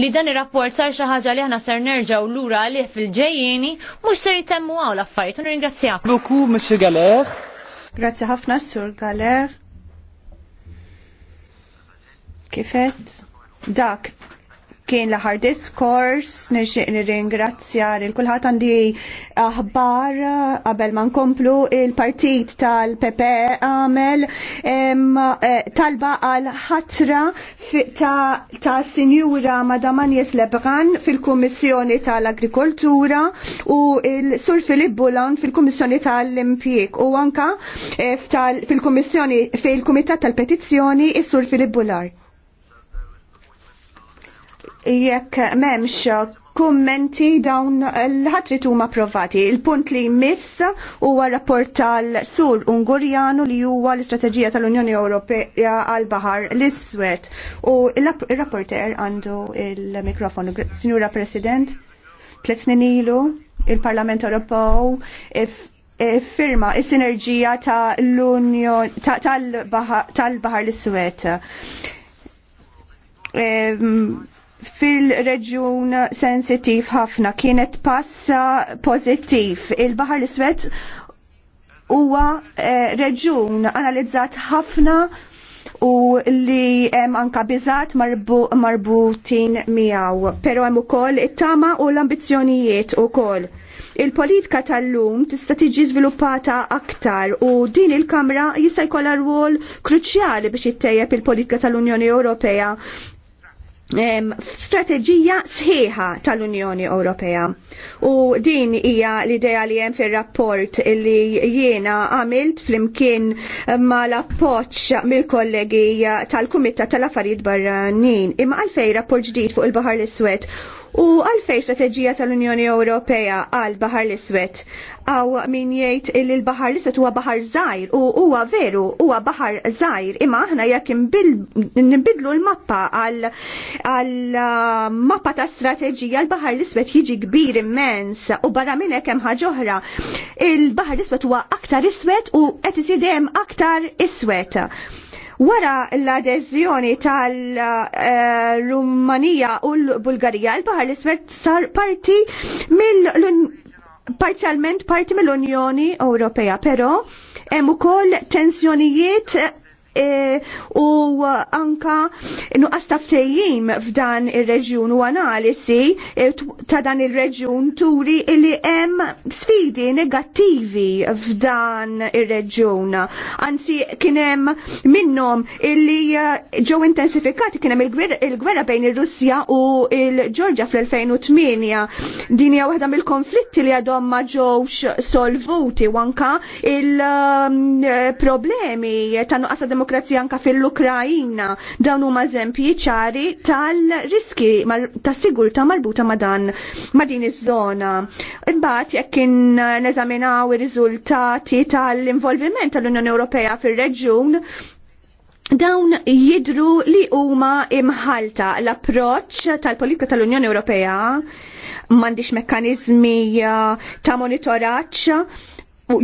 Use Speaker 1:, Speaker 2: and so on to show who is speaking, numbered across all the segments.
Speaker 1: li dan ir-rapport sar xi ħaġa li aħna ser nerġgħu lura għalih fil-ġejjieni mhux ser jitemmu hawn l-affarijiet u nirringrazzjak. Luku, Mr. Galer. Grazzi ħafna, Sur Galer.
Speaker 2: Kifet? Dak, kien l-aħħar diskors, nixtieq nirringrazzja lil kulħadd għandi aħbar qabel ma nkomplu il-partit tal-PP għamel eh, talba għal ħatra ta' Sinjura Madamanjes Lebran fil-Kummissjoni tal-Agrikoltura u il-Sur Filip Bulan fil-Kummissjoni tal-Impjek u anka eh, fil-Kummissjoni fil-Kumitat tal-Petizzjoni il sur Filip Bular jekk memx kummenti dawn l-ħatrit huma provati. Il-punt li miss huwa rapport tal-Sur Ungurjanu li huwa l-Istrateġija tal-Unjoni Ewropea għal baħar l-Iswed. U il-rapporter għandu il-mikrofonu. Signora President, tliet snin ilu il-Parlament Ewropew firma is-sinerġija tal-Baħar l-Iswed fil-reġjun sensitiv ħafna kienet passa pozittiv. Il-Bahar l-Iswed huwa eh, reġjun analizzat ħafna u li hemm anka biżat marbu, marbutin miegħu, però hemm ukoll it-tama u l-ambizzjonijiet ukoll. Il-politika tal-lum tista' tiġi żviluppata aktar u din il-Kamra jista' jkollha rwol kruċjali biex ittejjeb il-politika tal-Unjoni Ewropea strateġija sħiħa tal-Unjoni Ewropea. U din hija l-idea li hemm fir-rapport li jiena għamilt flimkien mal-appoġġ mill-kollegi tal-Kumitat tal-Affarijiet Barranin. Imma għalfejn rapport ġdid fuq il-Baħar l-Iswed u għalfej strateġija tal-Unjoni Ewropea għal Bahar l-Iswed. Għaw min jgħid li l-Bahar l-Iswed huwa Bahar żgħir u huwa veru huwa Bahar żgħir imma aħna jekk nbidlu l-mappa għal uh, mappa ta' strateġija l-Bahar l-Iswed jiġi kbir immens u barra minn hekk hemm ħaġa oħra. Il-Bahar l-Iswed huwa aktar iswed u qed isir aktar iswed. Wara l-adeżjoni tal-Rumanija u l-Bulgarija, il-Bahar l-Isfel sar parti mill parti mill-Unjoni Ewropea, però hemm ukoll tensjonijiet E, u anka nuqqas ta' f'dan ir-reġjun u analisi e, ta' dan ir-reġjun turi li hemm sfidi negattivi f'dan ir-reġjun. Anzi kien hemm minnhom illi e, ġew intensifikati kien hemm il-gwerra bejn ir-Russja u l-Ġorġja fl-2008. Din hija waħda mill-konflitti li għadhom ma ġewx solvuti u anka il-problemi um, ta' nuqqas demokrati demokrazija anka fil-Ukrajina. Dawn huma eżempji ċari tal-riski ta' sigurtà marbuta ma' dan ma' din iż-żona. Imbagħad jekk neżaminaw ir-riżultati tal-involviment tal-Unjoni Ewropea fir-reġjun, Dawn jidru li huma imħalta l-approċċ tal-politika tal-Unjoni Ewropea m'għandix mekkaniżmi eh, ta' monitoraġġ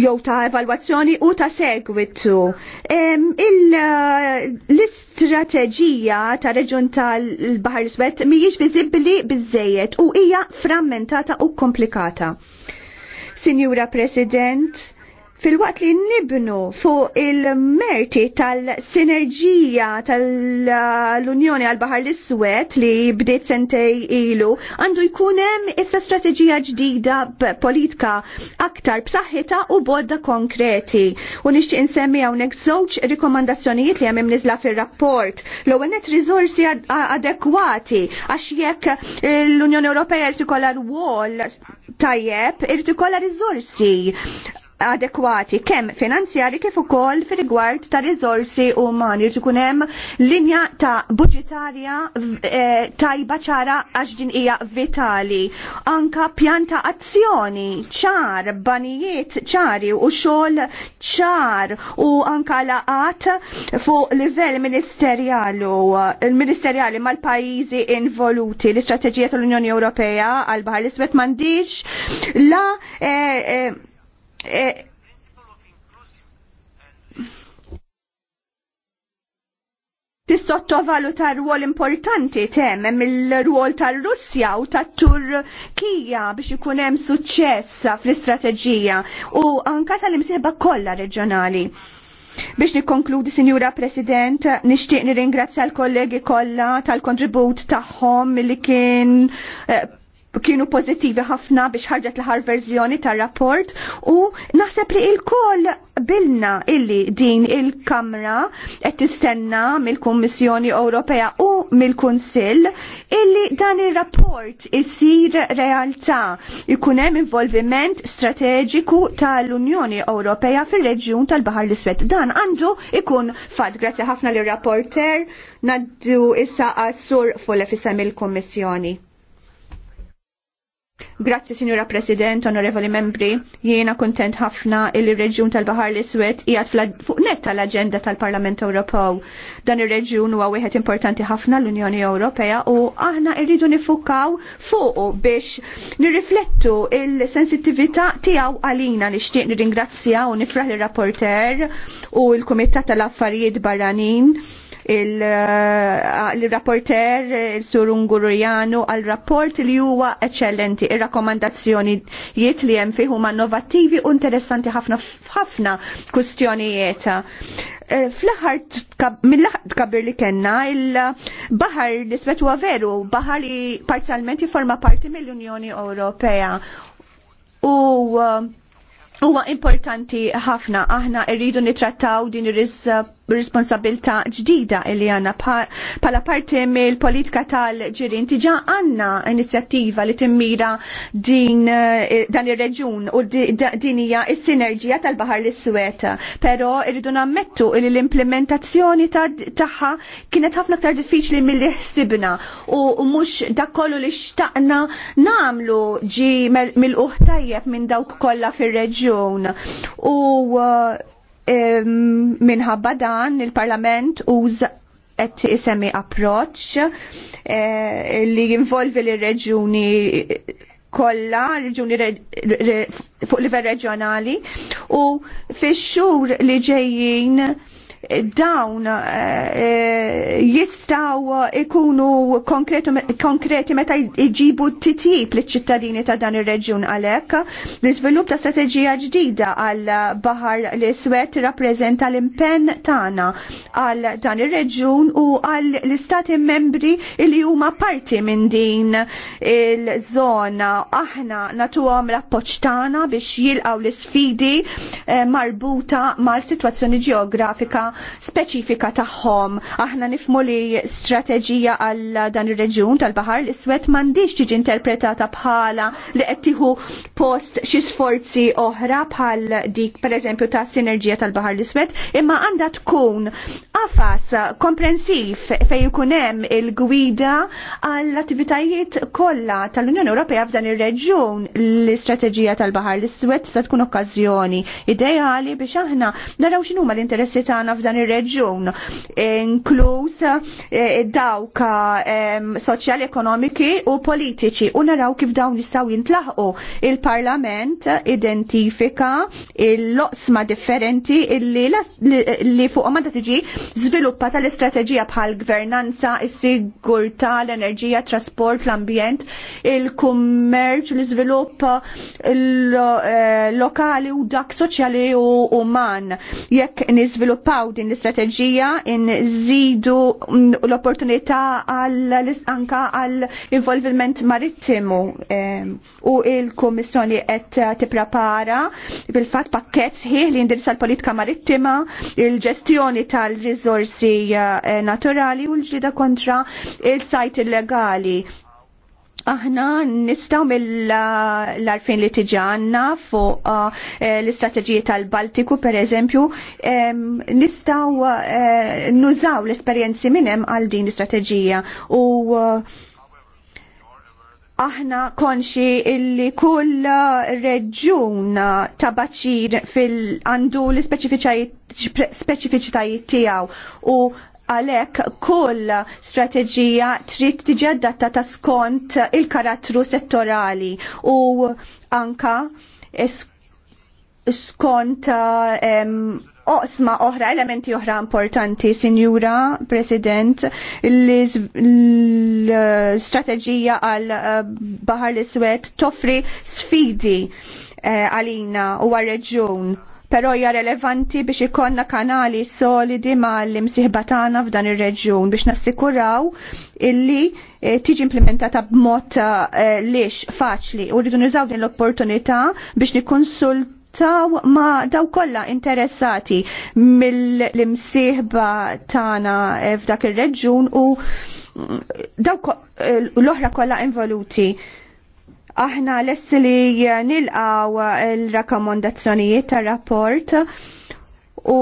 Speaker 2: jow ta' evalwazzjoni u ta' segwitu. Eh, l-istrateġija ta' reġun tal-Bahar Iswed mhijiex viżibbli bizzejet u hija frammentata u komplikata. Sinjura President, fil-waqt li nibnu fuq il-merti tal-sinerġija tal-Unjoni għal baħar l-Iswed li bdiet sentej ilu, għandu jkun hemm issa strateġija ġdida politika aktar b'saħħita u bodda konkreti. U nixtieq insemmi hawnhekk żewġ rikomandazzjonijiet li hemm nizla fir-rapport. L-ewwel net riżorsi adekwati għax jekk l-Unjoni Ewropea irtikola rwol tajjeb, irid ikollha riżorsi adekwati kemm finanzjari kif ukoll fir-rigward ta' riżorsi umani jrid ikun hemm linja ta' budġetarja eh, tajba ċara għax din hija vitali. Anka pjan ta' azzjoni ċar, banijiet ċari u xogħol ċar u anka laqat fuq livell ministerjalu il-ministerjali mal-pajjiżi involuti l-istrateġija tal-Unjoni Ewropea għal baħar l-isbet m'għandix la eh, eh, E, Tissottovaluta rwol importanti tem mill-rwol tar-Russja u tat-Turkija biex ikun hemm suċċess fl-istrateġija u anka tal imsieba kollha reġjonali. Biex nikkonkludi, Sinjura President, nixtieq nirringrazzja l-kollegi kollha tal-kontribut tagħhom li kien eh, kienu pozittivi ħafna biex ħarġet l-ħar verżjoni tar rapport u naħseb li il-koll bilna illi din il-Kamra qed tistenna mill-Kummissjoni Ewropea u mill-Kunsill illi dan ir-rapport isir realtà ikun hemm involviment strateġiku tal-Unjoni Ewropea fir-reġjun tal-Baħar l-Iswed. Dan għandu ikun fad grazzi ħafna lir rapporter naddu issa għas-sur fuq l-fisem il-Kummissjoni. Grazzi, Signora President, Onorevoli Membri, jiena kontent ħafna il reġjun tal-Bahar l-Iswed jgħat fuq net tal-agenda tal-Parlament Ewropew. Dan ir-reġjun huwa wieħed importanti ħafna l-Unjoni Ewropea u aħna rridu nifukaw fuq biex nirriflettu il-sensittività tiegħu għalina nixtieq nirringrazzja u nifraħ l-rapporter u l-Kumitat tal-Affarijiet Barranin il-rapporter eh, il-sur Ungurjanu għal-rapport li huwa eccellenti il-rakomandazzjoni rakkomandazzjonijiet li hemm fih huma innovattivi u interessanti ħafna f'ħafna kustjonijiet eh, fl-aħħar mill li kellna il bahar nisbet u huwa veru, li parzialment jiforma parti mill-Unjoni Ewropea. U eh, huwa importanti ħafna aħna rridu nitrattaw din ir responsabilta ġdida li għanna pala parti mill politika tal-ġirin tiġa għanna inizjattiva li timmira din eh, dan ir-reġun u din hija s-sinerġija tal-Bahar l-Iswed. Però irridu nammettu li l-implementazzjoni tagħha kienet ħafna aktar diffiċli milli ħsibna u mhux dakollu li xtaqna namlu ġi mill-uħtajjeb minn dawk kollha fir-reġun. U eh, minħabba dan il-Parlament uża qed isemi approċċ eh, li jinvolvi l reġuni kollha, reġuni fuq livell reġjonali u fix-xhur li ġejjin dawn eh, eh, jistaw ikunu konkreti meta iġibu titjib li ċittadini ta' dan ir-reġjun għalhekk. L-iżvilupp ta' strateġija ġdida għal baħar li iswed rappreżenta l-impenn tagħna għal dan ir-reġjun u għal l-istati membri li huma parti minn din il-żona. Aħna natuhom l-appoġġ tagħna biex jilqgħu l-isfidi eh, marbuta mal-sitwazzjoni ġeografika speċifika tagħhom. Aħna nifmu li strateġija għal dan ir-reġjun tal bahar l-Iswed m'għandix tiġi interpretata bħala li qed tieħu post xi sforzi oħra bħal dik pereżempju ta' sinerġija tal bahar l-Iswed, imma għandha tkun għafas komprensiv fejn ikun hemm il-gwida għall-attivitajiet kollha tal-Unjoni Ewropea f'dan ir-reġjun l-istrateġija tal-Baħar l-Iswed se tkun okkażjoni ideali biex aħna naraw x'inhuma l-interessi tagħna f'dan ir-reġjun, inkluż e, dawk e, soċjali ekonomiki u politiċi u naraw kif dawn jistgħu jintlaħqu. Il-Parlament identifika il-loqsma differenti illi li fuq ma tiġi żviluppa tal-istrateġija bħal gvernanza, is-sigurtà, l-enerġija, trasport, l-ambjent, il-kummerċ, l-iżvilupp e, lokali u dak soċjali u uman. Jekk niżviluppaw din l-istrateġija zidu l-opportunità anka għal involviment marittimu ehm, u il komissjoni qed tipprepara fil-fatt pakkett sħiħ li jindirizza l-politika marittima, il-ġestjoni tal-riżorsi eh, naturali u l ġlieda kontra il-sajt illegali aħna nistaw mill-arfin li tiġanna għanna fuq uh, eh, l-istrateġiji tal-Baltiku, per eżempju, nistaw eh, nużaw l-esperienzi minnem għal din l-istrateġija u eh, aħna konxi illi kull reġjun ta' baċir fil għandu l-speċifiċitajiet tiegħu u għalhekk kull strateġija trid tiġi adattata skont il-karattru settorali u anka skont oqsma oħra, elementi oħra importanti, Sinjura President, l-strategija għal eh, Bahar l-Iswed toffri sfidi eh, għalina u għal-reġjun però hija relevanti biex ikollna kanali solidi mal-imsieħba tagħna f'dan ir-reġjun biex nassikuraw illi eh, tiġi implementata b'mod eh, lix faċli u rridu nużaw din l-opportunità biex nikkonsultu taw ma daw kolla interessati mill-imsieħba tana eh, f'dak ir reġjun u mm, daw l-oħra kolla involuti. Aħna lessi li nilqaw il-rakkomandazzjonijiet tar-rapport u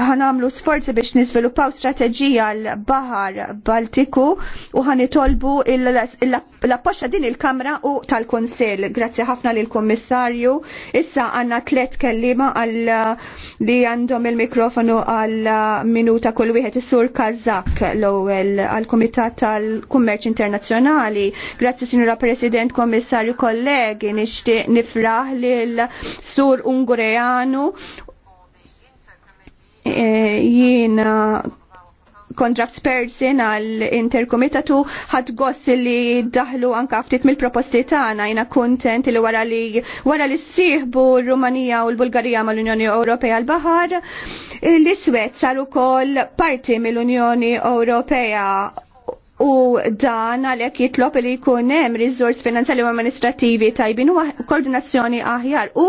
Speaker 2: għamlu sforzi biex nizviluppaw strateġija l-Bahar Baltiku u ħanitolbu l-appoċċa din il-Kamra u tal-Konsil. Grazzi ħafna lil kommissarju Issa għanna tlet kellima għal li għandhom il-mikrofonu għal minuta kull wieħed is-sur Kazak l-ewwel għal Kumitat tal-Kummerċ Internazzjonali. Grazzi Sinura President, Kommissarju, kollegi, nixtieq nifraħ lil Sur Ungureanu jiena contract person għal interkomitatu ħad goss li daħlu anka ftit mill-proposti tagħna jiena kuntent li wara li wara li ssieħbu r-Rumanija u l-Bulgarija mal-Unjoni Ewropea l baħar l-Iswed sar ukoll parti mill-Unjoni Ewropea U dan għalhekk jitlob li jkun hemm riżors finanzjali u amministrativi tajbin u koordinazzjoni aħjar u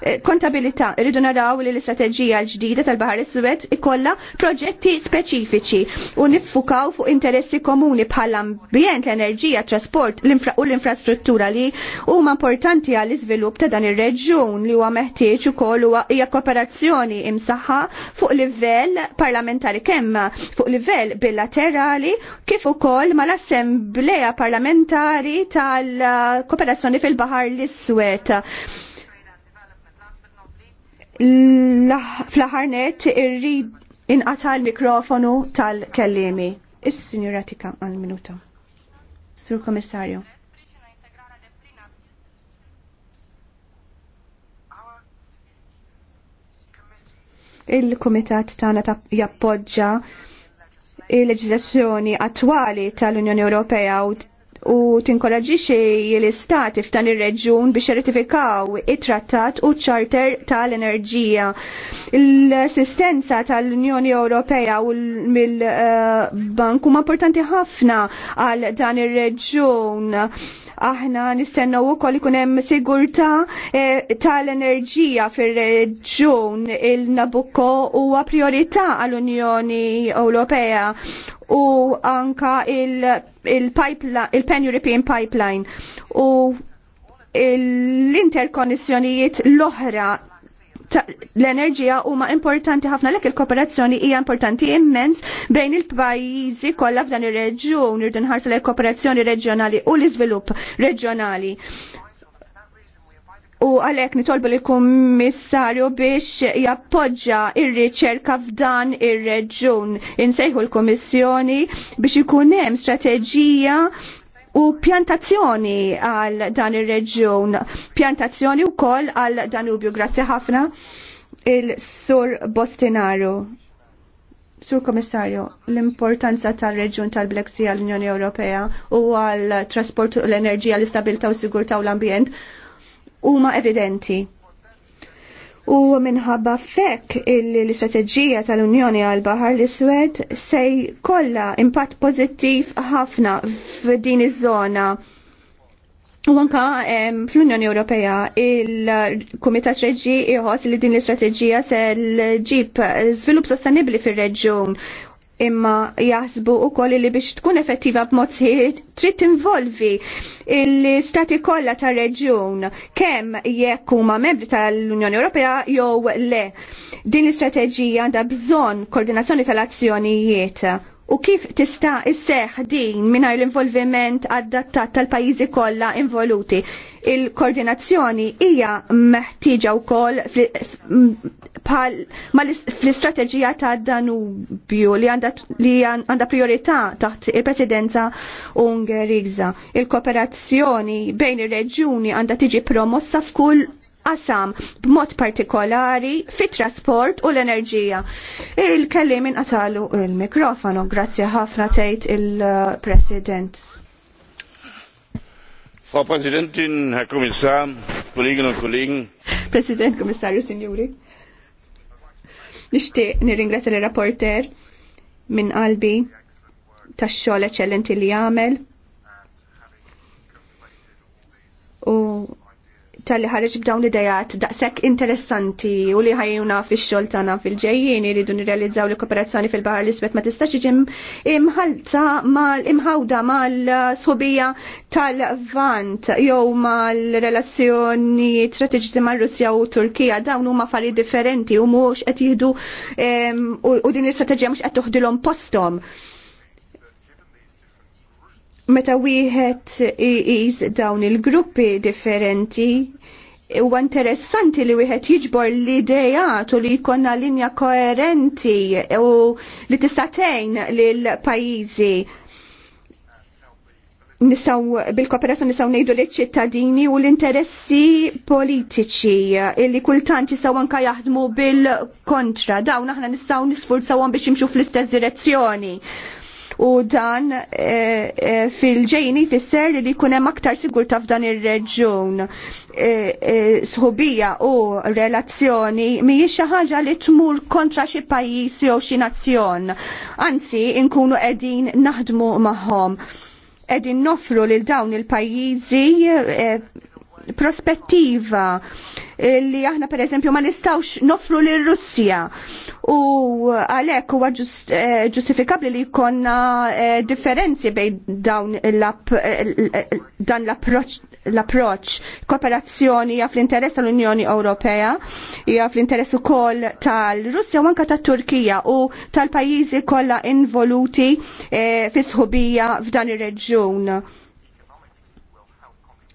Speaker 2: eh, kontabilità. Rridu naraw li l-istrateġija l-ġdida tal-Baħar Iswed ikolla proġetti speċifiċi u niffukaw fuq interessi komuni bħal ambjent, l-enerġija, trasport u l-infrastruttura li huma importanti għall iżvilupp ta' dan ir-reġjun li huwa meħtieġ ukoll huwa hija kooperazzjoni imsaħħa fuq livell parlamentari kemm fuq livell bilaterali kif ukoll ukoll mal-Assembleja Parlamentari tal-Kooperazzjoni fil-Bahar l-Iswed fl-ħarnet irrid inqata l-mikrofonu tal-kellimi. Is-Sinjura Tika għal-minuta. Sur Komissarju. Il-Komitat tagħna ta jappoġġa il-leġislazzjoni attwali tal-Unjoni Ewropea u tinkoraġixi l-istati f'dan ir-reġjun biex jirratifikaw it-trattat u ċ ċarter tal-enerġija. L-assistenza tal-Unjoni Ewropea u mill-Bank eh, huma importanti ħafna għal dan ir-reġjun Aħna nistennu ukoll ikun hemm sigurtà eh, tal-enerġija fir-reġjun il-Nabucco huwa priorità għall-Unjoni Ewropea u anka il-Pan-European pipeline u l-interkonnessjonijiet l-oħra l-enerġija huma importanti ħafna lek il-kooperazzjoni hija importanti immens bejn il-pajjiżi kollha f'dan ir-reġjun irdu nħarsu lejn kooperazzjoni reġjonali u l-iżvilupp reġjonali. U għalhekk nitolbu lill-Kummissarju biex jappoġġa ir-riċerka f'dan ir-reġjun. Insejħu l-Kummissjoni biex ikun hemm strateġija u pjantazzjoni għal dan ir-reġjun, pjantazzjoni wkoll għal Danubju. Grazzi ħafna il-Sur Bostinaru. Sur Komissarju, l-importanza tal-reġjun tal-Black Sea għall-Unjoni Ewropea u għal trasport u l-enerġija, l-istabilta u sigurta u l-ambjent huma evidenti u minħabba fekk l-istrateġija tal-Unjoni għal Bahar l-Iswed se kolla impatt pozittiv ħafna f'din iż-żona. U anka fl-Unjoni Ewropea il-Kumitat Reġi iħoss li din l-istrateġija se ġib żvilupp sostenibbli fir-reġjun imma jasbu u koll li biex tkun effettiva b'mod sħiħ trid involvi l-stati kollha tar-reġjun kemm jekk huma membri tal-Unjoni Ewropea jew le. Din l-istrateġija għandha bżonn koordinazzjoni tal-azzjonijiet u kif tista' isseħ din mingħajr l-involviment adattat tal-pajjiżi kollha involuti. Il-koordinazzjoni hija meħtieġa wkoll fl-istrateġija ta' Danubju li għandha priorità taħt il-Presidenza Ungeriża. Il-kooperazzjoni bejn ir-reġjuni għandha tiġi promossa f'kull qasam b'mod partikolari fit-trasport u l-enerġija. Il-kellim qatalu il-mikrofonu, grazzi ħafna tgħid il-President. Frau Präsidentin, Herr Kommissar,
Speaker 3: Kolleginnen und Kollegen.
Speaker 2: President, Kommissarju, Signori. Nishti, nirringrazzja l-rapporter minn qalbi tax-xogħol eċċellenti li jagħmel tal-li ħareġ b'dawn l-idejat daqshekk interessanti u li ħajjuna fix-xogħol tana fil-ġejjien iridu nirrealizzaw li kooperazzjoni fil-baħar l-isbet ma tistax ġim imħalta mal imħawda mal-sħubija tal-Vant jew mal-relazzjoni strateġiċi mar-Russja u Turkija dawn huma affarijiet differenti u mhux qed jieħdu u din l-istrateġija mhux qed toħdilhom posthom meta wieħed iqis dawn il-gruppi differenti huwa interessanti li wieħed jiġbor l idea u li jkollna linja koerenti u li tista' tgħin lill-pajjiżi nistaw bil-kooperazzjoni nistaw ngħidu li ċittadini u l-interessi politiċi li kultant jistgħu anke jaħdmu bil-kontra dawn aħna nistgħu nisfurzawhom biex jimxu fl-istess direzzjoni u dan eh, eh, fil-ġejni fisser li kunem aktar sigurta f'dan ir-reġjun. E, Sħubija u relazzjoni mhijiex xi ħaġa li tmur kontra xi pajjiż jew xi nazzjon. Anzi, inkunu qegħdin naħdmu magħhom. Qegħdin nofru lil dawn il-pajjiżi prospettiva li aħna per eżempju ma nistawx nofru l russija u għalek huwa eh, ġustifikabli li jkollna eh, differenzi bejn dawn dan l-approċ kooperazzjoni hija fl-interess tal-Unjoni Ewropea hija fl-interess ukoll tal-Russja u anka tat-Turkija u tal-pajjiżi kollha involuti eh, fi sħubija f'dan ir-reġjun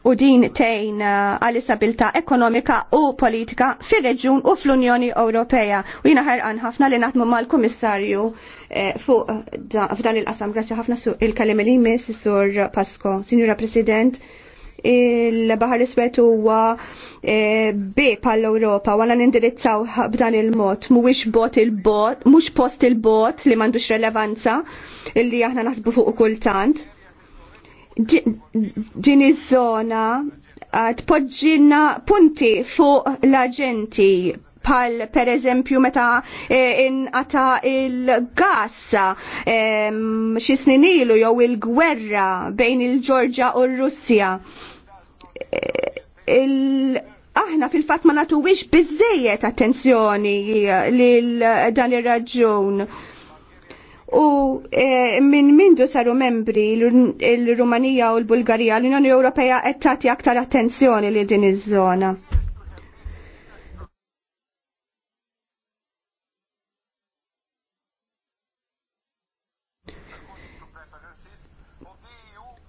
Speaker 2: u din tejn uh, għal-istabilta ekonomika u politika fir-reġjun u fl-Unjoni Ewropea. U jina ħerqan ħafna li naħdmu mal-Kummissarju eh, fuq eh, f'dan il-qasam. Grazie ħafna il-kalim li jmiss sur Pasco, Signora President il-Bahar Iswed huwa eh, bib għall europa wara nindirizzaw b'dan il-mod, mhuwiex bot il-bot, mhux post il-bot li m'għandux relevanza illi aħna naħsbu fuq kultant din iż-żona tpoġġinna punti fuq l-aġenti pal per eżempju meta e, inqata il-gas xi snin ilu jew il-gwerra bejn il ġorġja u r-Russja. E, aħna fil-fatt ma natuwix biżejjed attenzjoni lil dan ir-raġun u e, minn mindu saru membri il-Rumanija u l-Bulgarija l-Unjoni Ewropea qed tagħti aktar attenzjoni li din iż-żona.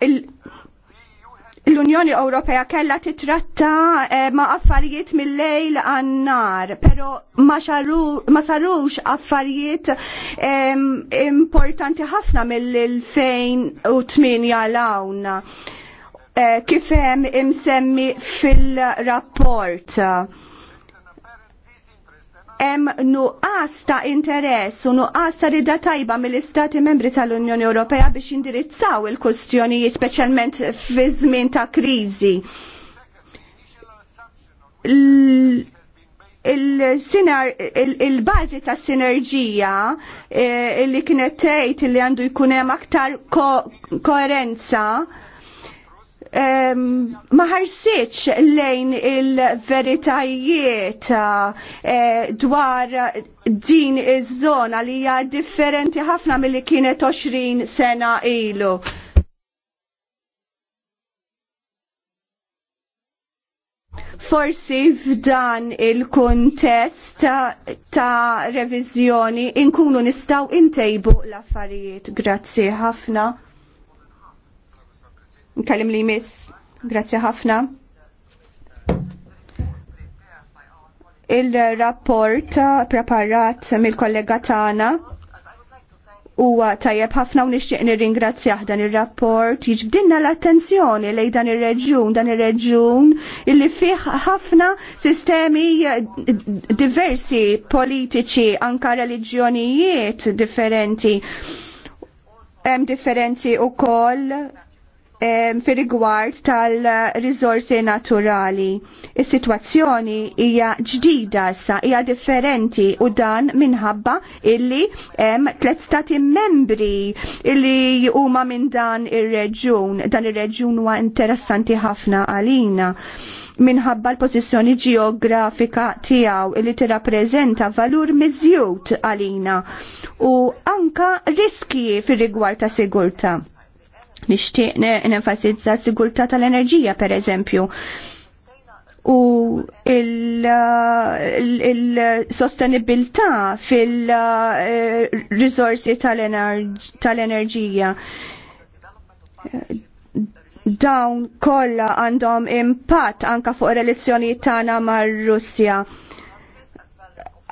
Speaker 2: il l-Unjoni Ewropea kellha titratta eh, ma' affarijiet mill-lejl għan-nar, pero ma, sarux affarijiet eh, importanti ħafna mill-2008 l-għawna. Eh, kif hemm imsemmi fil-rapport hemm nuqas ta' interess u nuqas ta' rida tajba mill-Istati membri tal-Unjoni Ewropea biex indirizzaw il-kustjonijiet speċjalment fi żmien ta' kriżi. Il-bażi ta' sinerġija eh, li kienet tgħid li għandu jkun hemm aktar koerenza ma ħarsitx lejn il-veritajiet eh, dwar din iż-żona li hija differenti ħafna milli kienet 20 sena ilu. Forsi f'dan il-kuntest ta' reviżjoni inkunu nistgħu intejbu l-affarijiet. Grazzi ħafna. Nkallim li jmiss, grazzi ħafna. Il-rapport preparat mill-kollega tagħna huwa tajjeb ħafna u nixtieq nirringrazzjah dan ir-rapport jiġbdilna l-attenzjoni lejn dan ir-reġjun, dan ir-reġjun illi fih ħafna sistemi diversi politiċi anka reliġjonijiet differenti. Hemm differenzi wkoll fir rigward tal-rizorsi naturali. Is-sitwazzjoni hija ġdida sa hija differenti u dan minħabba illi hemm tliet stati membri illi huma minn dan ir-reġjun. Dan ir-reġjun huwa interessanti ħafna għalina minħabba l-pozizjoni ġeografika tiegħu li tirrappreżenta valur miżjud għalina u anka riski fir rigward ta' sigurtà. Nixtieq nenfasizza s-sigurtà tal-enerġija pereżempju u il-sostenibilità fil-rizorsi tal-enerġija. Dawn kollha għandhom impatt anka fuq relazzjonijiet tagħna mar-Russja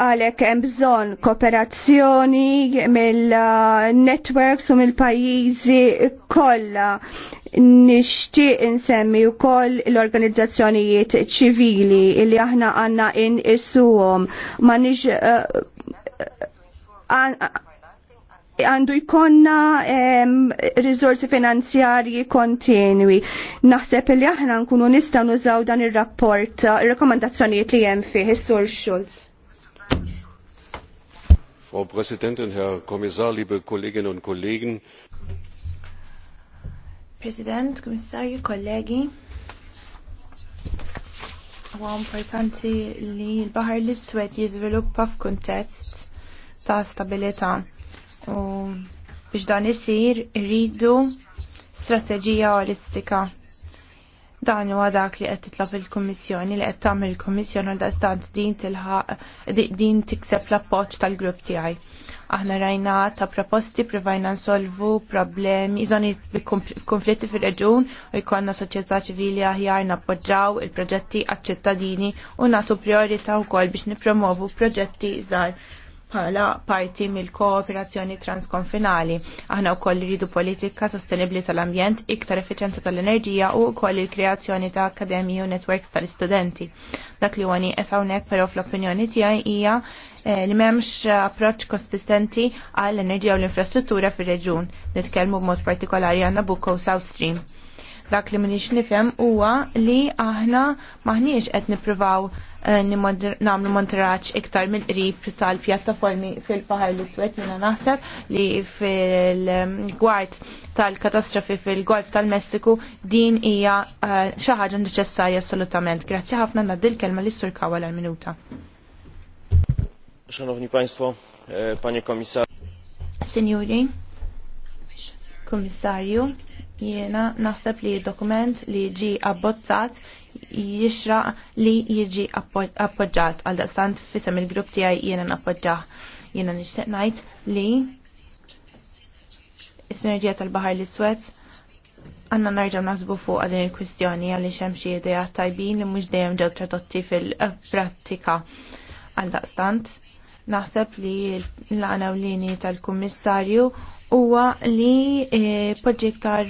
Speaker 2: għalek hemm bżonn kooperazzjoni mill-networks u mill-pajjiżi kollha. Nixtieq insemmi wkoll l-organizzazzjonijiet ċivili li aħna għandna in issuhom ma nix eh, eh, għandu jkonna rizorsi finanzjarji kontinwi. Naħseb li aħna nkunu nistgħu nużaw dan ir-rapport, ir-rakkomandazzjonijiet eh, li hemm fih is-Sur Schulz.
Speaker 3: Frau Präsidentin, Herr Kommissar, liebe Kolleginnen und Kollegen. President, Kommissarju, kollegi. Huwa importanti li l-Baħar l-Iswed jiżviluppa f'kuntest ta' stabilità. U biex dan isir iridu strateġija olistika Dan huwa dak li qed titla' il-Kummissjoni li qed tagħmel il-Kummissjoni għal dastant din tilħaq din tikseb l-appoġġ tal-grupp tiegħi. Aħna rajna ta' proposti provajna nsolvu problemi, iżoni konflitti fir-reġun u jkollna soċjetà ċivili aħjar nappoġġaw il-proġetti għaċ-ċittadini u natu priorità wkoll biex nippromovu proġetti żgħar bħala parti mill-kooperazzjoni transkonfinali. Aħna wkoll ridu politika sostenibbli tal-ambjent, iktar effiċenza tal-enerġija u wkoll il-kreazzjoni ta' akademiji u networks tal-istudenti. Dak li wani esawnek hawnhekk però fl-opinjoni tiegħi hija eh, li m'hemmx approċċ konsistenti għall-enerġija u l-infrastruttura fir-reġjun. Nitkellmu b'mod partikolari għan u South Stream Dak li minix nifhem huwa li aħna maħniex qed nippruvaw eh, nagħmlu monteraġġ iktar mill-qrib tal-pjattaformi fil-Baħar l-Iswed jiena naħseb li fil-gwart tal-katastrofi fil-Golf tal-Messiku din hija eh, xi ħaġa neċessarja assolutament. Grazzi ħafna ngħaddi l-kelma li sur kawal għal-minuta.
Speaker 2: Szanowni Państwo, eh, Panie Komisarzu.
Speaker 3: Signori, Komisarju, Jiena naħseb li dokument li ġi abbozzat jixra li jiġi appoġġat għal daqstant fisem il-grupp tiegħi jiena nappoġġah. Jiena nixtieq ngħid li s sinerġija tal-Baħar s iswed għanna narġam naħsbu fuq din il-kwistjoni għalli xemxie idejat tajbin li mux dejjem ġew tradotti fil-prattika għal daqstant. Naħseb li l-għana u tal-Kummissarju huwa li eh, poġġi iktar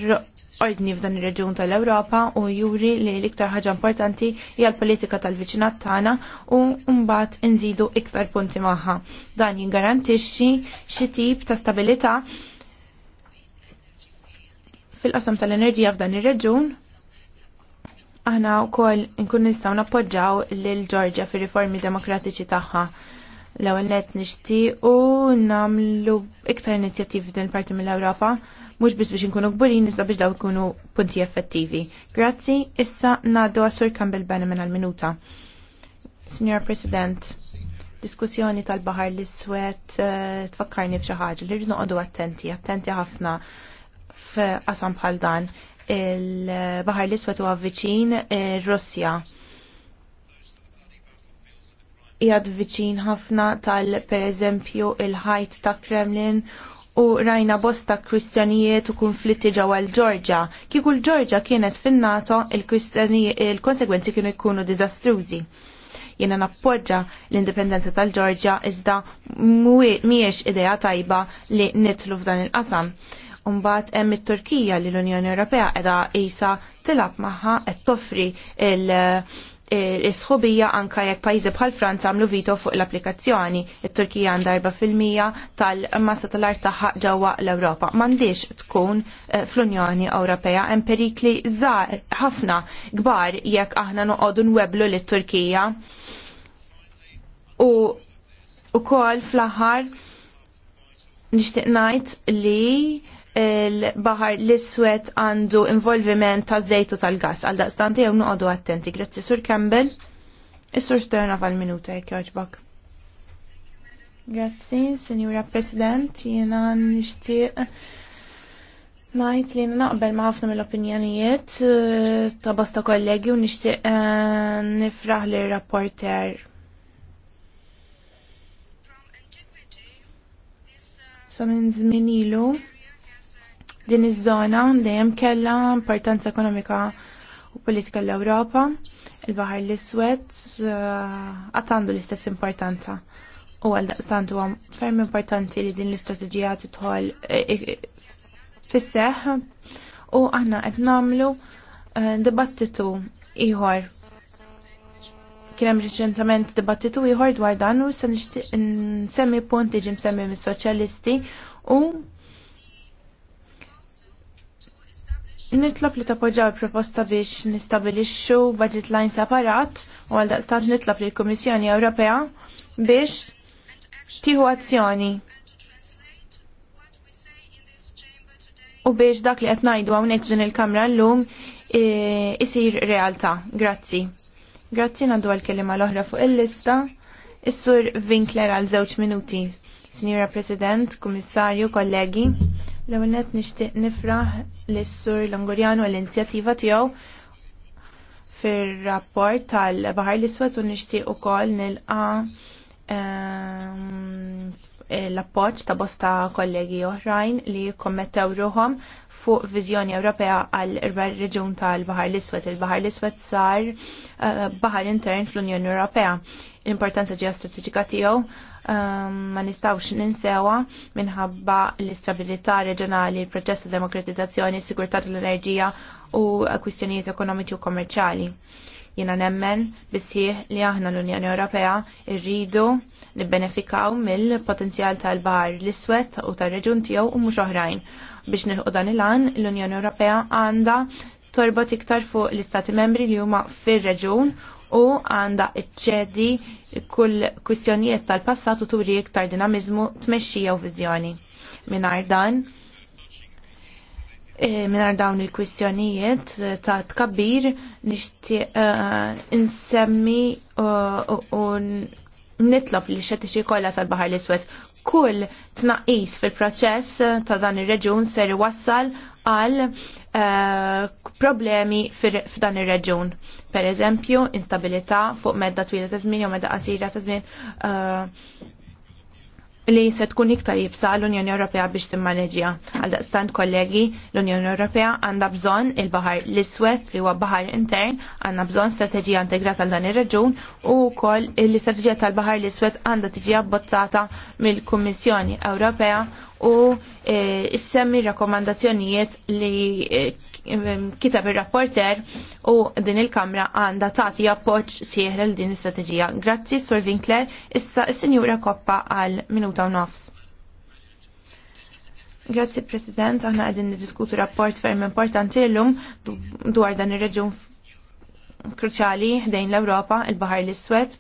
Speaker 3: ordni f'dan ir reġun tal-Ewropa u juri li l-iktar ħaġa importanti hija l-politika tal-viċinat tagħna u mbagħad inżidu iktar punti magħha. Dan jiggarantixxi xi tip ta' stabilità fil-qasam tal-enerġija f'dan ir-reġjun aħna wkoll nkun nistgħu nappoġġaw lil Ġorġja fir-riformi demokratiċi tagħha. L-ewwel nixti nixtiequ nagħmlu iktar inizjattivi din parti mill-Ewropa mhux biss biex inkunu kburin iżda biex daw ikunu punti effettivi. Grazzi, issa ngħaddu għas-Sur Campbell Bannerman għal-minuta. Signor President, diskussjoni tal-Bahar l-Iswed eh, tfakkarni f'xi ħaġa li rridu noqogħdu attenti, attenti ħafna f'qasam bħal dan. Il-Bahar l-Iswed huwa viċin eh, Russja jgħad viċin ħafna tal eżempju il-ħajt ta' Kremlin u rajna bosta kwistjonijiet u konflitti ġewwa l-Ġorġa. Kieku l-Ġorġa kienet fin-NATO il-konsegwenzi kienu jkunu diżastrużi jena nappoġġa l-indipendenza tal ġorġa iżda miex ideja tajba li nitlu f'dan il-qasam. Umbat hemm it-Turkija li l-Unjoni Ewropea qiegħda qisha tilab magħha qed toffri il- Eh, is-sħubija anka jekk pajjiżi bħal Franza għamlu vito fuq l-applikazzjoni. It-Turkija għandha 4% tal-massa tal-art tagħha ġewwa l-Ewropa. M'għandix tkun eh, fl-Unjoni Ewropea hemm perikli żgħar ħafna kbar jekk aħna noqogħdu nweblu lit-Turkija. U ukoll fl-aħħar nixtieq ngħid li il-bahar l-iswet għandu involviment ta' zejtu tal-gas. Għal daqstanti jew nuqodu attenti. Grazzi Sur Campbell. Is-Sur stajna għal-minuta jek joġbak. Grazzi, Senjura President, jena nishtiq. Najt li naqbel ma' ħafna mill-opinjonijiet eh, ta' bosta kollegi u nishtiq eh, nifraħ li rapporter. Sa' minn zminilu. Din iż-żona li hemm kellha importanza ekonomika u politika l-Ewropa, il-Baħar l-Iswed eh, għatandu l-istess importanza. U għal daqstantu għam ferm importanti li din l-istrateġija titħol eh, eh, fisseħ u aħna qed namlu dibattitu ieħor kien hemm riċentament dibattitu ieħor dwar dan u se nixtieq nsemmi punt li ġim semmi mis-soċjalisti u Nitlob li tappoġġaw il-proposta biex nistabilixxu budget line separat u għal daqstant nitlob li l-Kummissjoni Ewropea biex tieħu azzjoni u biex dak li qed ngħidu hawnhekk din il-Kamra llum e, isir realtà. Grazzi. Grazzi għandu għal-kelima l-oħra fuq il-lista. Is-sur Winkler għal żewġ minuti. Signora President, Kummissarju, kollegi. L-għunet nishtiq nifraħ l-sur Langorjano l inzjativa tijaw fil-rapport tal-Bahar l-Iswet u nishtiq u kol nilqa ehm, l-appoċ ta' bosta kollegi oħrajn li kommettaw ruħom fuq viżjoni Ewropea għal reġun tal-Bahar l iswet Il-Bahar l-Iswed sar eh, bahar intern fl-Unjoni Ewropea l-importanza ġeja strateġika tiegħu um, ma nistawx ninsewa minħabba l-istabilità reġjonali, il-proċess ta' demokratizzazzjoni, sigurtà tal-enerġija u kwistjonijiet ekonomiċi u kommerċjali. Jiena nemmen bisħieħ li aħna l-Unjoni Ewropea rridu nibbenefikaw mill-potenzjal tal bar l-Iswed u tar-reġun tiegħu u mhux oħrajn. Biex nilħu dan il-għan, l-Unjoni Ewropea għandha torbot iktar fuq l-Istati membri li huma fir-reġun u għanda iċċedi kull kwistjonijiet tal-passat u turi iktar dinamizmu tmexxija u viżjoni. Minar dan, eh, minar dawn il-kwistjonijiet ta' tkabbir nixtieq uh, insemmi uh, u nitlob li xetiċi kollha tal-Baħar l-Iswed kull tnaqis fil-proċess ta' dan ir-reġun ser iwassal għal uh, problemi f'dan ir-reġun. Per eżempju, instabilità fuq medda twila ta' żmien jew medda qasira ta' żmien eh, li se tkun iktar jibsa l-Unjoni Ewropea biex timmaneġja. Għal daqstant kollegi, l-Unjoni Ewropea għandha bżonn il-Bahar l-Iswed li huwa bahar intern, għandha bżonn strateġija integrata għal dan ir-reġun u wkoll l-istrateġija tal-Bahar l-Iswed għandha tiġi abbozzata mill-Kummissjoni Ewropea u e, issemmi rakkomandazzjonijiet li e, kitab ir-rapporter u din il-Kamra għandha tagħti appoġġ siħra l din l-istrateġija. Grazzi Sur Winkler, issa il sinjura Koppa għal minuta u nofs. Grazzi President, aħna qegħdin niddiskutu rapport ferm importanti llum dwar dan ir-reġun kruċjali ħdejn l-Ewropa, il-Baħar l-Iswed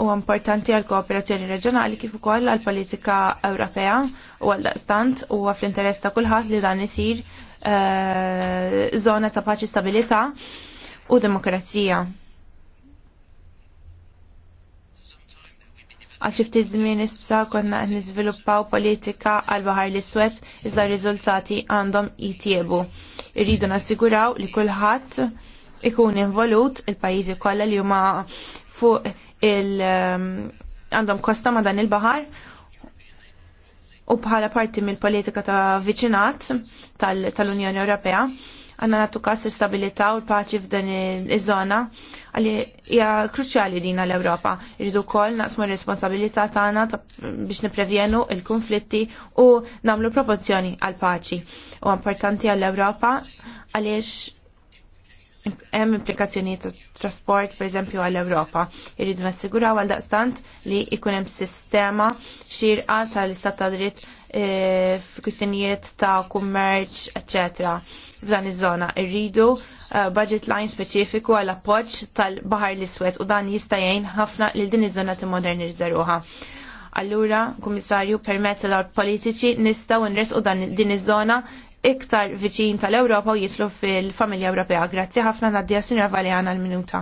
Speaker 3: u importanti għal kooperazzjoni reġjonali kif ukoll għal politika Ewropea u għal daqstant u fl interess ta' kulħadd li dan isir żona eh, zona ta' paċi stabilità u demokrazija. Għal xi ftit żmien issa konna qed niżviluppaw politika għal baħar l-iswed iżda r-riżultati għandhom jitjiebu. Irridu nassiguraw li kulħadd ikun involut il-pajjiżi kollha li huma fuq il um, għandhom kosta ma' dan il-bahar u bħala parti mill-politika ta' viċinat tal-Unjoni tal Ewropea għanna natu kas il-stabilita u l-paċi f'dan iż-żona għalli hija kruċjali din għall ewropa Irridu kol naqsmu r-responsabilità tagħna biex nipprevjenu l-konflitti u nagħmlu proporzjoni għall paċi U importanti għall ewropa għaliex hemm implikazzjonijiet ta' trasport pereżempju għall ewropa Irridu nassiguraw għal daqstant li jkun hemm sistema xirqa tal-istat ta' dritt eh, f'kwistjonijiet ta' kummerċ, eċetera. F'dan iż-żona irridu eh, budget line speċifiku għal appoġġ tal-Baħar l-Iswed u dan jista' jgħin ħafna lil din iż-żona timmodernizza ruha. Allura, Kummissarju, permezz l politiċi nistgħu nresqu dan din iż-żona iktar viċin tal-Ewropa u jitlu fil-familja Ewropea. Grazzi ħafna Nadja Sinjora Valjana l-minuta.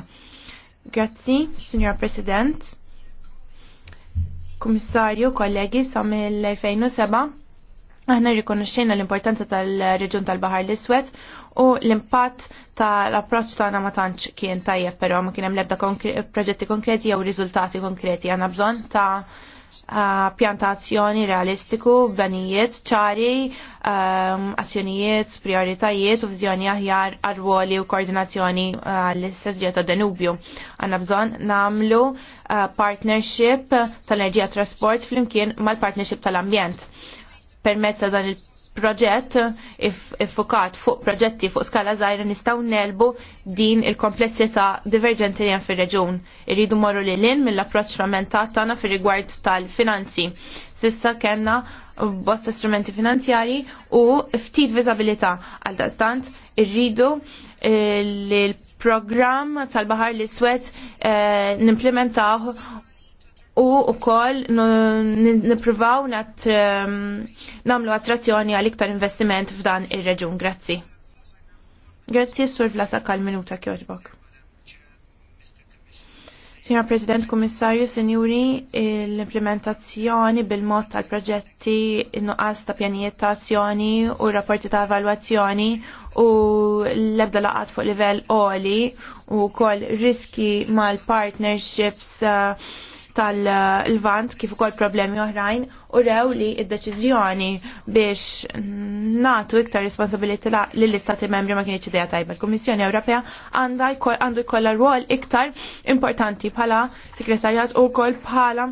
Speaker 3: Grazzi, Sinjora President, Komissarju, kollegi, sa il 2007 aħna rikonoxxejna l-importanza tal-reġun tal-Bahar l-Iswed u l-impatt tal approċċ tagħna ma tantx kien tajjeb però ma kien hemm l-ebda proġetti konkreti jew riżultati konkreti għandna bżonn ta' pjantazzjoni realistiku, banijiet ċari, um, azzjonijiet, prioritajiet u vżjoni aħjar arruoli u koordinazzjoni uh, għall-istraġġija ta' Danubju. Għanna bżon namlu uh, partnership tal-enerġija trasport flimkien mal-partnership tal-ambjent permezz dan il proġett iffokat fuq proġetti fuq skala żgħira nistgħu nelbu din il-komplessità diverġenti li hemm fir-reġun. Irridu morru lil in mill-approċċ frammentat tagħna fir-rigward tal-finanzi. Sissa kellna bost strumenti finanzjari u ftit viżabilità għal daqstant irridu eh, l-programm tal-Bahar l-Iswed eh, nimplementaw u wkoll nippruvaw nagħmlu ehm, attrazzjoni għal iktar investiment f'dan ir-reġun. Grazzi. Grazzi Sur Vlasak kal minuta kjoġbok. Signor President, Kommissarju, Sinjuri, l-implementazzjoni bil-mod tal-proġetti, nuqqas ta' pjanijiet ta' azzjoni u rapporti ta' evalwazzjoni u l-ebda laqat fuq livell oli u kol riski mal-partnerships uh, tal-vant kif ukoll problemi oħrajn u rew li id-deċiżjoni biex natu iktar responsabilità lill-istati membri ma kienx idea tajba. Il-Kummissjoni Ewropea għandu jkollha rwol iktar importanti bħala sekretarjat u wkoll bħala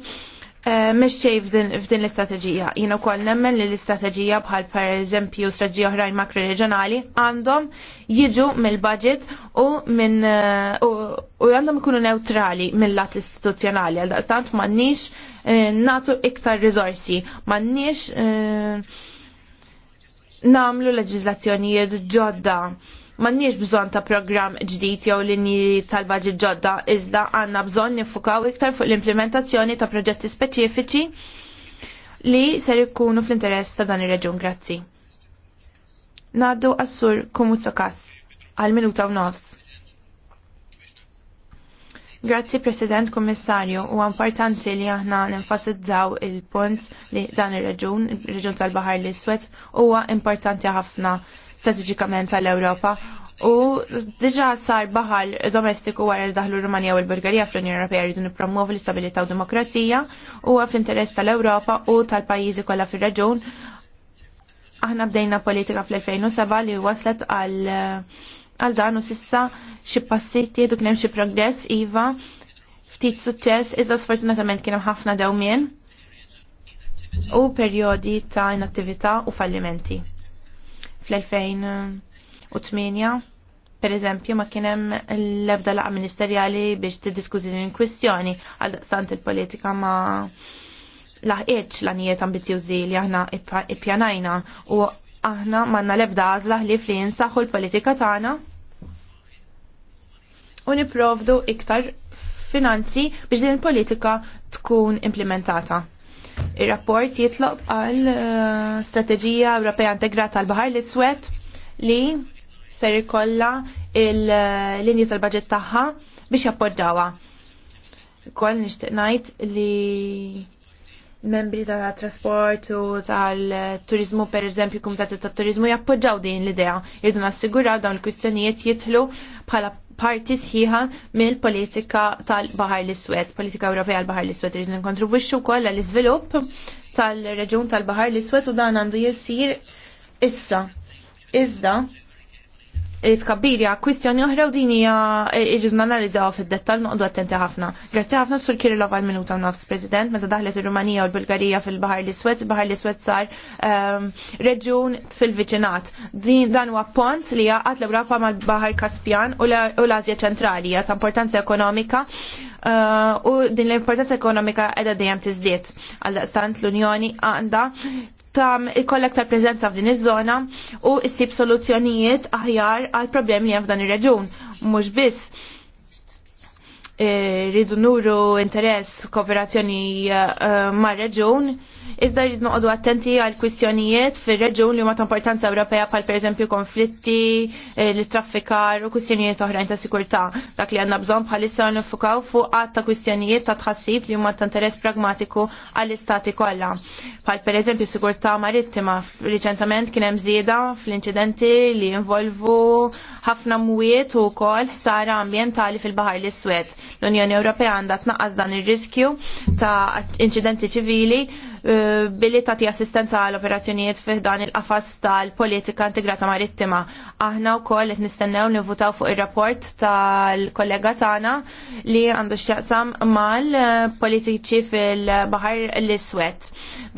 Speaker 3: Eh, xej f'din l-istrateġija. Jien ukoll nemmen li l-istrateġija bħal pereżempju strateġija oħrajn makroreġjonali għandhom jiġu mill-budget u minn eh, u għandhom ikunu neutrali mill-lat istituzzjonali għal daqstant m'għandniex eh, natu iktar riżorsi, m'għandniex namlu leġiżlazzjonijiet ġodda M'għandniex bżonn ta' programm ġdid jew linji tal-baġit ġodda, iżda għandna bżonn nifukaw iktar fuq l-implementazzjoni ta' proġetti speċifiċi li ser ikunu fl-interess ta' dan ir-reġun. Grazzi. Naddu għassur Kumuzzokas għal minuta u nofs. Grazzi President Kommissarju, u importanti li aħna nenfasizzaw il-punt li dan ir reġun il-reġun tal-Bahar l-Iswed, huwa importanti ħafna strateġikament tal-Ewropa u diġa sar baħal domestiku wara daħlu Rumanija u l-Bulgarija fl-Unjoni Ewropea jridu nippromovu l-istabilità u demokrazija u fl-interess tal-Ewropa u tal-pajjiżi kollha fir-raġun. Aħna bdejna politika fl-2007 li waslet għal għal dan u sissa xi passitti duk hemm xi progress iva ftit suċċess iżda sfortunatament kien hemm ħafna dewmien u perjodi ta' inattività u fallimenti fl-2008 per eżempju ma kienem l-ebda laqa ministerjali biex tiddiskuti din kwistjoni għal sant il-politika ma laħqitx l-anijiet ambitjużi li aħna ippjanajna u aħna manna l-ebda għazla li fli jinsaħu l-politika tagħna u niprovdu iktar finanzi biex din il-politika tkun implementata. Ir-rapport jitlob għal eh, Strategija Ewropea integrata għal baħar l-Iswed li ser ikolla il-linji tal budget tagħha biex jappoġġawha. Ukoll nixtieq ngħid li membri ta' trasport u tal-turizmu per eżempju kumitati ta' turizmu jappoġġaw din l-idea irdu nassiguraw dawn il-kwistjonijiet jitlu bħala parti sħiħa mill-politika tal-Bahar l-Iswed, politika Ewropea l-Bahar l-Iswed irridu nkontribwixxu wkoll għall-iżvilupp tal-reġun tal-Bahar l-Iswed u dan għandu jisir issa. Iżda, it tkabbir ja kwistjoni oħra u din hija eh, irridu nanalizzaw fid-dettall noqdu attenti ħafna. Grazzi ħafna sur Kirillov għal minuta u nofs President meta daħlet ir-Rumanija u l-Bulgarija fil-Baħar l-Iswed, il-Baħar l-Iswed sar ehm, reġjun fil-viċinat. Din dan huwa pont li jaqgħad l-Ewropa mal-Baħar Kaspjan u l-Asja ċentrali hija ta' importanza ekonomika eh, u din l-importanza ekonomika qiegħda dejjem tiżdied. daqstant l-Unjoni għandha tam ikollek tal prezenza f'din iż-żona u issib soluzzjonijiet aħjar għal problemi li hemm f'dan ir-reġun. Mhux biss eh, rridu nuru interess kooperazzjoni eh, mar-reġun Iżda rrid noqogħdu attenti għal kwistjonijiet fir-reġun li huma ta' importanza Ewropea bħal pereżempju konflitti, eh, li traffikar u kwistjonijiet oħrajn ta' sikurtà. Dak li għandna bżonn bħalissa nifukaw fuq qatt ta' kwistjonijiet ta' tħassib li huma ta' interess pragmatiku għall-istati kollha. Bħal pereżempju sigurtà marittima riċentament kien hemm żieda fl-inċidenti li involvu ħafna mwiet u wkoll sara ambjentali fil-Baħar l-Iswed. L-Unjoni Ewropea għandha tnaqqas dan ir-riskju ta' inċidenti ċivili Eh, billi tagħti assistenza għal operazzjonijiet fih dan il-qafas tal-politika integrata marittima. Aħna wkoll qed nistennew nivutaw fuq ir-rapport tal-kollega Tana li għandu x'jaqsam mal-politiċi fil-Baħar l-Iswed.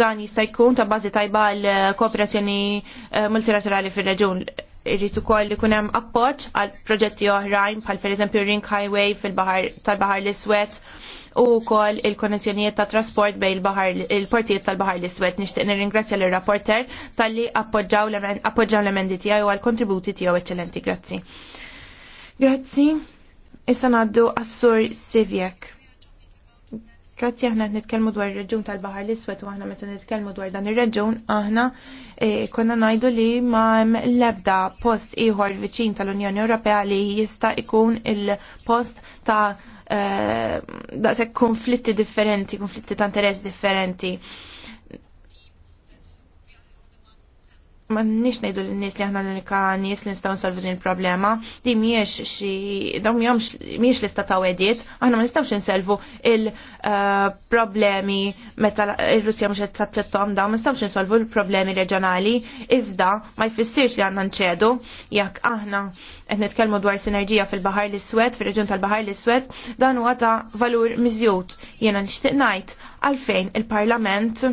Speaker 3: Dan jista' jkun ta' bażi tajba l-kooperazzjoni eh, multilaterali fir-reġun irrit ukoll li kunem appoġġ għal proġetti oħrajn bħal pereżempju Ring Highway fil bahar tal bahar l-Iswed u kol il-konnessjonijiet ta' trasport bejn il-bahar il-portijiet tal-Bahar l-Iswed. Nixtieq nirringrazzja l rapporter talli appoġġaw l-emendi tiegħi u għall-kontributi tiegħu eċċellenti. Grazzi. Grazzi. Issa ngħaddu għassur Sivjek. Grazzi aħna nitkellmu dwar ir-reġun tal-Baħar l-Iswed u aħna meta nitkellmu dwar dan ir-reġun aħna e, konna ngħidu li ma l-ebda post ieħor viċin tal-Unjoni Ewropea li jista' jkun il-post ta' Eh, daqshekk konflitti differenti, konflitti ta' interess differenti. ma nix nejdu l-nis li aħna l-unika nis li nistaw nsolvi din il-problema, di miex xi, daw miex li sta ta' wedjiet, aħna ma nistawx nsolvu il-problemi eh, meta il-Russja mux taċċettom daw, ma nistawx nsolvu il-problemi reġjonali, iżda ma jfissirx li għandna nċedu, jekk aħna qed nitkellmu dwar sinerġija fil-Baħar l-Iswed, fir-reġjun tal-Baħar l-Iswed, dan huwa ta' valur miżjud. Jiena nixtieq ngħid għalfejn il-Parlament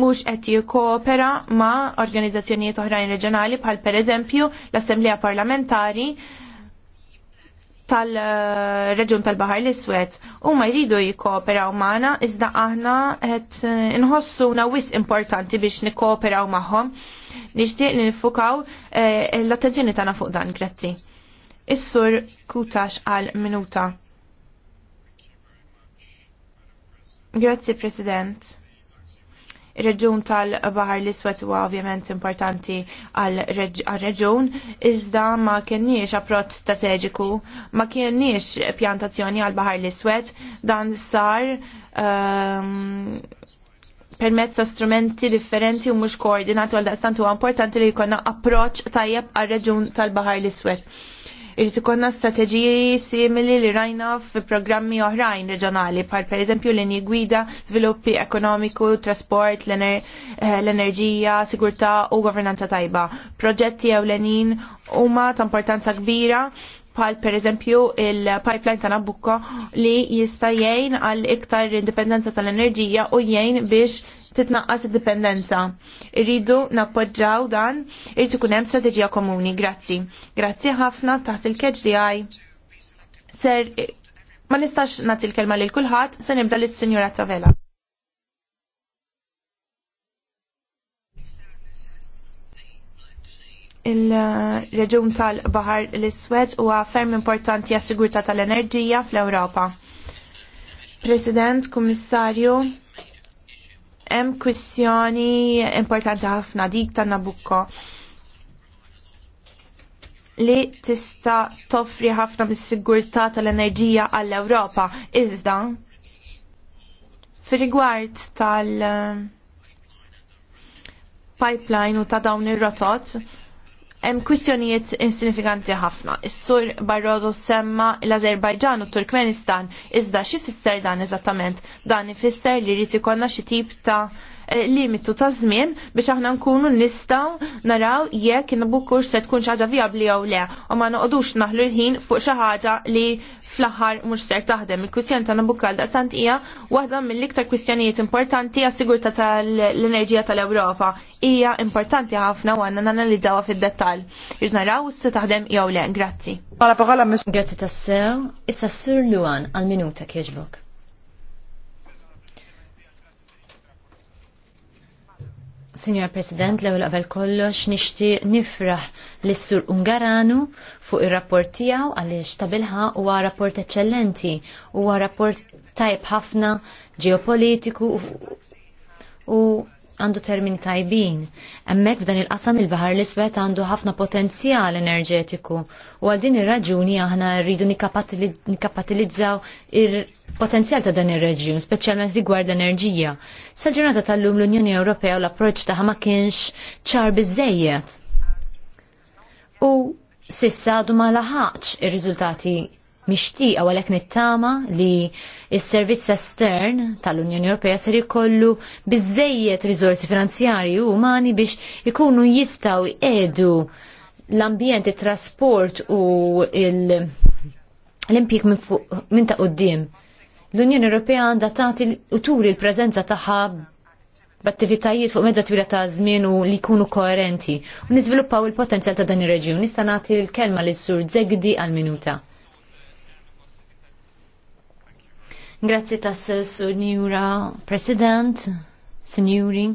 Speaker 3: mhux qed jikkoopera ma' organizzazzjonijiet oħrajn reġjonali bħal pereżempju l-Assembleja Parlamentari tal-reġjun tal-Baħar l-Iswed. Huma jridu jikkooperaw magħna iżda aħna qed inħossu wis importanti biex nikkooperaw magħhom. Nixtieq li nifukaw eh, l-attenzjoni tagħna fuq dan, grazzi. Is-sur Kutax għal minuta. Grazzi President. Ir-reġun tal-Bahar l-Iswed huwa ovvjament importanti għal-reġun, iżda ma kienniex approċċ strateġiku, ma kienniex pjantazzjoni għal-Bahar l iswet dan sar um, permezz ta' strumenti differenti u mhux koordinati għal daqstant huwa importanti li jkollna approċċ tajjeb għal-reġun tal-Bahar l iswet irrit ikollna strateġiji simili li rajna fi programmi oħrajn reġjonali per pereżempju l gwida, sviluppi ekonomiku, trasport, eh, l-enerġija, sigurtà u governanza tajba. Proġetti ewlenin huma ta' importanza kbira bħal per eżempju il-pipeline ta' Nabucco li jista' jgħin għal iktar indipendenza tal-enerġija u jgħin biex titnaqqas id-dipendenza. Irridu nappoġġaw dan irid ikun hemm strateġija komuni. Grazzi. Grazzi ħafna taħt il-keġ di Ser ma nistax nagħti l-kelma lil kulħadd, se nibda lis-Sinjura Tavela. il-reġun tal-Bahar l-Iswed huwa ferm importanti għas sigurtà tal-enerġija fl-Ewropa. President, Kummissarju, Hemm kwistjoni importanti ħafna dik ta' Nabucco li tista' toffri ħafna mis sigurtà tal-enerġija għall-Ewropa. Iżda fir-rigward tal- pipeline u ta' dawn ir-rotot, hemm kwistjonijiet insinifikanti ħafna. Is-sur Barroso semma l-Azerbajġan u Turkmenistan iżda xi fisser dan eżattament? Dan ifisser li jrid ikollna xi tip ta' Eh, limitu ta' żmien biex aħna nkunu nistgħu naraw jekk kurs se tkun xi ħaġa vijabbli jew le u ma noqogħdux naħlu l-ħin fuq xi ħaġa li fl-aħħar mhux ser taħdem. Il-kwistjoni ta' nabu kalda daqstant hija waħda mill-iktar kwistjonijiet importanti għas-sigurtà tal-enerġija tal-Ewropa. Hija importanti ħafna u għandna nanalizzawha fid-dettall. u se
Speaker 1: taħdem jew le. Grazzi. Grazzi tas tas-sew. Issa s-sur Luan għal-minuta kieġbok. Signor President, l-ewwel qabel kollox nixtieq nifraħ lis-Sur Ungaranu fuq ir-rapport tiegħu għaliex tabilħa huwa rapport eċċellenti, huwa rapport tajb ħafna ġeopolitiku u għandu termini tajbin. Emmek f'dan il-qasam il-Bahar l isvet għandu ħafna potenzjal enerġetiku u għal din ir-raġuni aħna rridu nikkapatilizzaw il-potenzjal ta' dan ir-reġjun, speċjalment rigward l-enerġija. Sal-ġurnata tal-lum l-Unjoni Ewropea u l-approċċ tagħha ma kienx ċar bizzejiet. U sissa għadu ma laħaċ ir-riżultati mixtieqa għalhekk nittama li s-servizz estern tal-Unjoni Ewropea ser jkollu biżejjed riżorsi finanzjarji u umani biex ikunu jistgħu jqedu l-ambjent, it-trasport u l-impjek minn ta' quddiem. L-Unjoni Ewropea għandha tagħti u turi l-preżenza tagħha b'attivitajiet fuq medda twila ta' żmien u li jkunu koerenti u niżviluppaw il-potenzjal ta' dan ir-reġjun. Nista' nagħti l-kelma lis sur Zegdi għal minuta. Grazzi tas signora President, Sinjuri.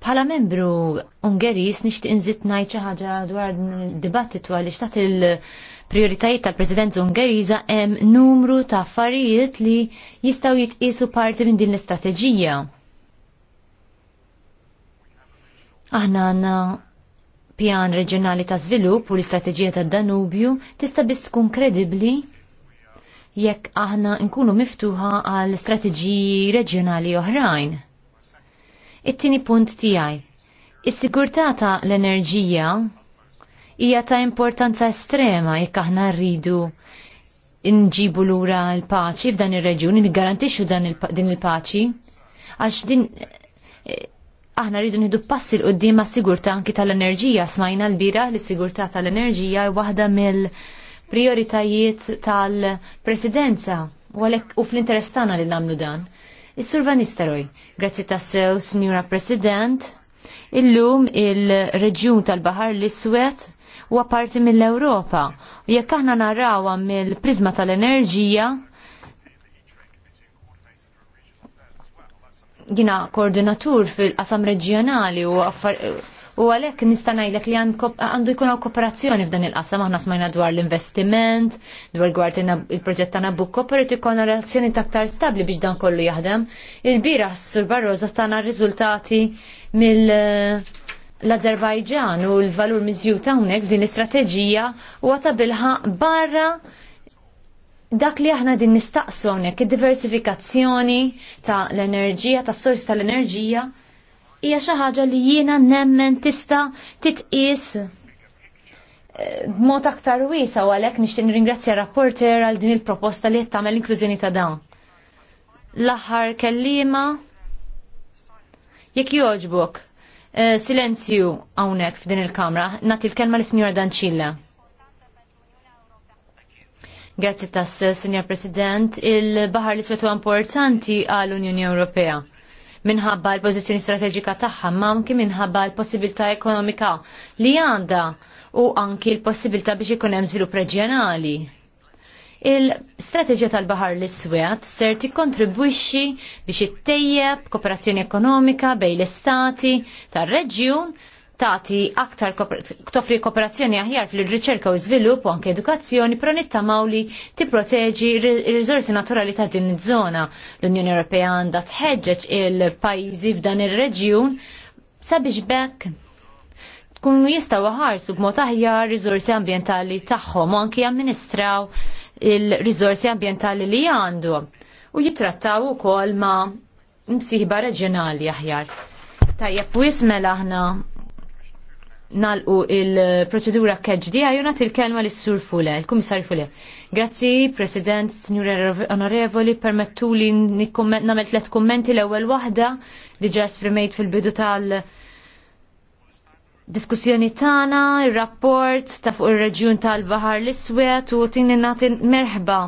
Speaker 1: Pala membru Ungeris nixtieq inżid ngħid xi ħaġa dwar dibattitu għaliex xtaħt il-prijoritajiet tal-Presidenza Ungeriża hemm numru ta' affarijiet li jistgħu jitqisu parti minn din l-istrateġija. Aħna għandna pjan reġjonali ta' żvilupp u l-istrateġija ta' danubju tista' biss tkun kredibbli jekk aħna nkunu miftuħa għal strateġiji reġjonali oħrajn. It-tieni punt tiegħi. Is-sigurtà ta' l-enerġija hija ta' importanza estrema jekk aħna rridu nġibu lura l-paċi f'dan ir-reġjun, niggarantixxu din il-paċi għax din eh, aħna rridu nħidu passi l qudiem għas sigurtà anki tal-enerġija. Smajna l-bira li sigurtà tal-enerġija waħda mill- prioritajiet tal-presidenza u għalek u fl-interess tagħna li nagħmlu dan. Is-Sur Van Nistelrooy, grazzi tassew, Signora President, illum il-reġjun tal-Bahar l-Iswed huwa parti mill-Ewropa u jekk aħna narawha mill-prizma tal-enerġija jina koordinatur fil-qasam reġjonali u affar U għalhekk nista' ngħidlek li għandu jkun għaw kooperazzjoni f'dan il-qasam aħna smajna dwar l-investiment, dwar gwart il-proġett ta' Nabucco, però jkun relazzjoni taktar stabbli biex dan kollu jaħdem. Il-bira sur Barroza tagħna riżultati mill- l-Azerbajġan u l-valur mizju ta' hawnhekk din l-istrateġija huwa għata bilħa barra dak li aħna din nistaqsu hawnhekk id-diversifikazzjoni ta' l-enerġija, tas-sors tal-enerġija hija xi ħaġa li jiena nemmen tista' titqies eh, b'mod aktar wiesa u għalhekk nixtieq nirringrazzja rapporter għal din il-proposta li qed tagħmel l-inklużjoni ta' dawn. L-aħħar kellima jekk jogħġbok, eh, silenzju hawnhekk f'din il-kamra, nagħti l-kelma lis sinjora Danċilla. Grazzi tas, Sinjor President, il-Baħar li iswetu importanti għall-Unjoni Ewropea minħabba l-pożizzjoni strateġika tagħha, ma anki minħabba l-possibilità ekonomika li għandha u anki l-possibilità biex ikun hemm żvilupp reġjonali. Il-strateġija tal-Bahar l-Iswed ser tikkontribwixxi biex ittejjeb kooperazzjoni ekonomika bejn l-istati tar-reġjun tagħti aktar toffri kooperazzjoni aħjar fil-riċerka u żvilupp u anke edukazzjoni pro nittamaw li tipproteġi r-riżorsi naturali ta' din iż-żona. L-Unjoni Ewropea għandha tħeġġeġ il-pajjiżi f'dan ir-reġjun sabiex bekk tkun jistgħu ħarsu b'mod aħjar riżorsi ambjentali tagħhom u anke jamministraw il-riżorsi ambjentali li għandu u jitrattaw ukoll ma' msiħba reġjonali aħjar. Tajjeb, u jismel aħna nalqu il-proċedura keġdi għajuna til-kelma l sur Fule, il-Komissar Fule. Grazzi, President, Signore Onorevoli, permettu li namel tlet kommenti l-ewel wahda li ġa esprimejt fil-bidu tal- diskussjoni tana, il-rapport ta' fuq il-reġjun tal-Bahar l-Iswed u tini nati merħba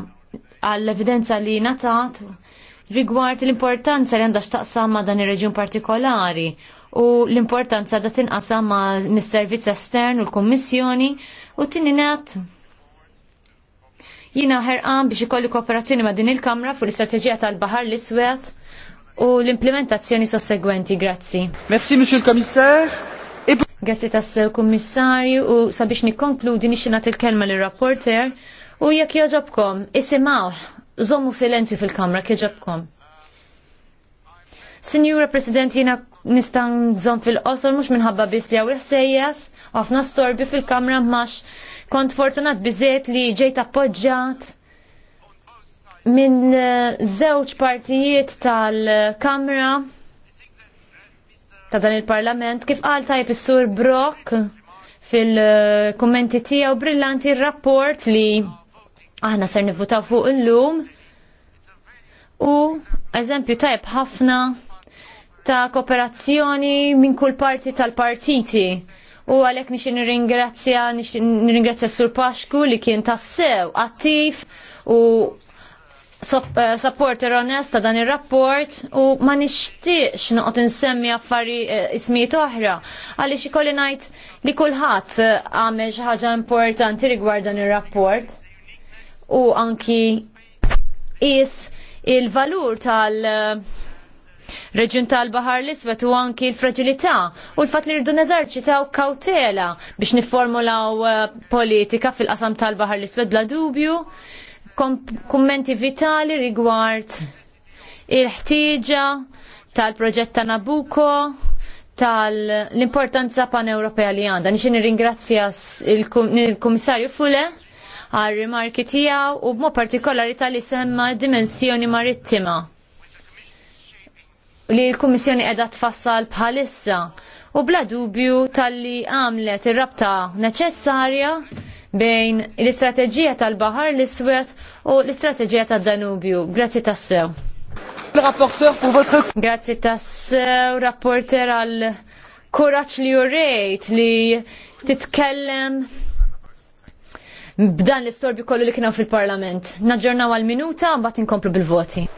Speaker 1: għall-evidenza li natat rigward l-importanza li għandax taqsam ma' dan ir reġjun partikolari u l-importanza da tinqasam ma' mis-servizz estern u l-Kummissjoni u tininat jina ħerqan biex ikolli kooperazzjoni ma' din il-Kamra fuq l-istrateġija tal-Bahar l-Iswed u l-implementazzjoni sossegwenti. Grazzi. Merci, Monsieur il-Commissaire. Grazzi tas-Kummissarju u sabiex nikkonkludi nixinat il-kelma l-rapporter u jekk joġobkom, isimaw, zomu silenzju fil-kamra kieġobkom. Sinjura President, jina nista' nżomm fil-qosor mhux minħabba biss li hawn ħsejjas, ħafna storbi fil-kamra max kont fortunat bizet li ġejt appoġġjat minn żewġ eh, partijiet tal-kamra ta' dan il-parlament kif qal tajb is-sur Brock fil-kummenti tiegħu brillanti r-rapport li aħna ser nivvutaw fuq illum u eżempju tajb ħafna ta' kooperazzjoni minn kull parti tal-partiti. U għalek nixin nirringrazzja, nirringrazzja Sur Paxku li kien tassew, attiv u eh, supporter onest ta' dan il-rapport u ma nixtieqx noqgħod insemmi affari eh, ismijiet oħra għaliex ikolli ngħid li kulħadd eh, għamel xi ħaġa importanti rigward dan ir-rapport u anki is il-valur tal- Reġun tal-Bahar l-Iswed u anki l-fragilità u l-fatt li rridu neżarċitaw kawtela biex niformulaw eh, politika fil-qasam tal-Bahar l iswet bla dubju, kummenti vitali rigward il-ħtieġa tal-proġett ta' Nabucco, tal-importanza pan-Ewropea li għandha. Nixin ringrazzja il-Kummissarju Fule għal rimarki tijaw u mo partikolari tal isemma dimensjoni marittima li l-Kummissjoni qiegħda tfassal bħalissa u bla dubju talli għamlet ir-rabta neċessarja bejn l-istrateġija tal-Bahar l-Iswed u l-istrateġija tal danubju Grazzi tassew. Grazzi tassew, rapporter għal kuraċ li jurrejt li titkellem b'dan l-istorbi kollu li kienu fil-parlament. Naġġornaw għal minuta bat inkomplu bil-voti.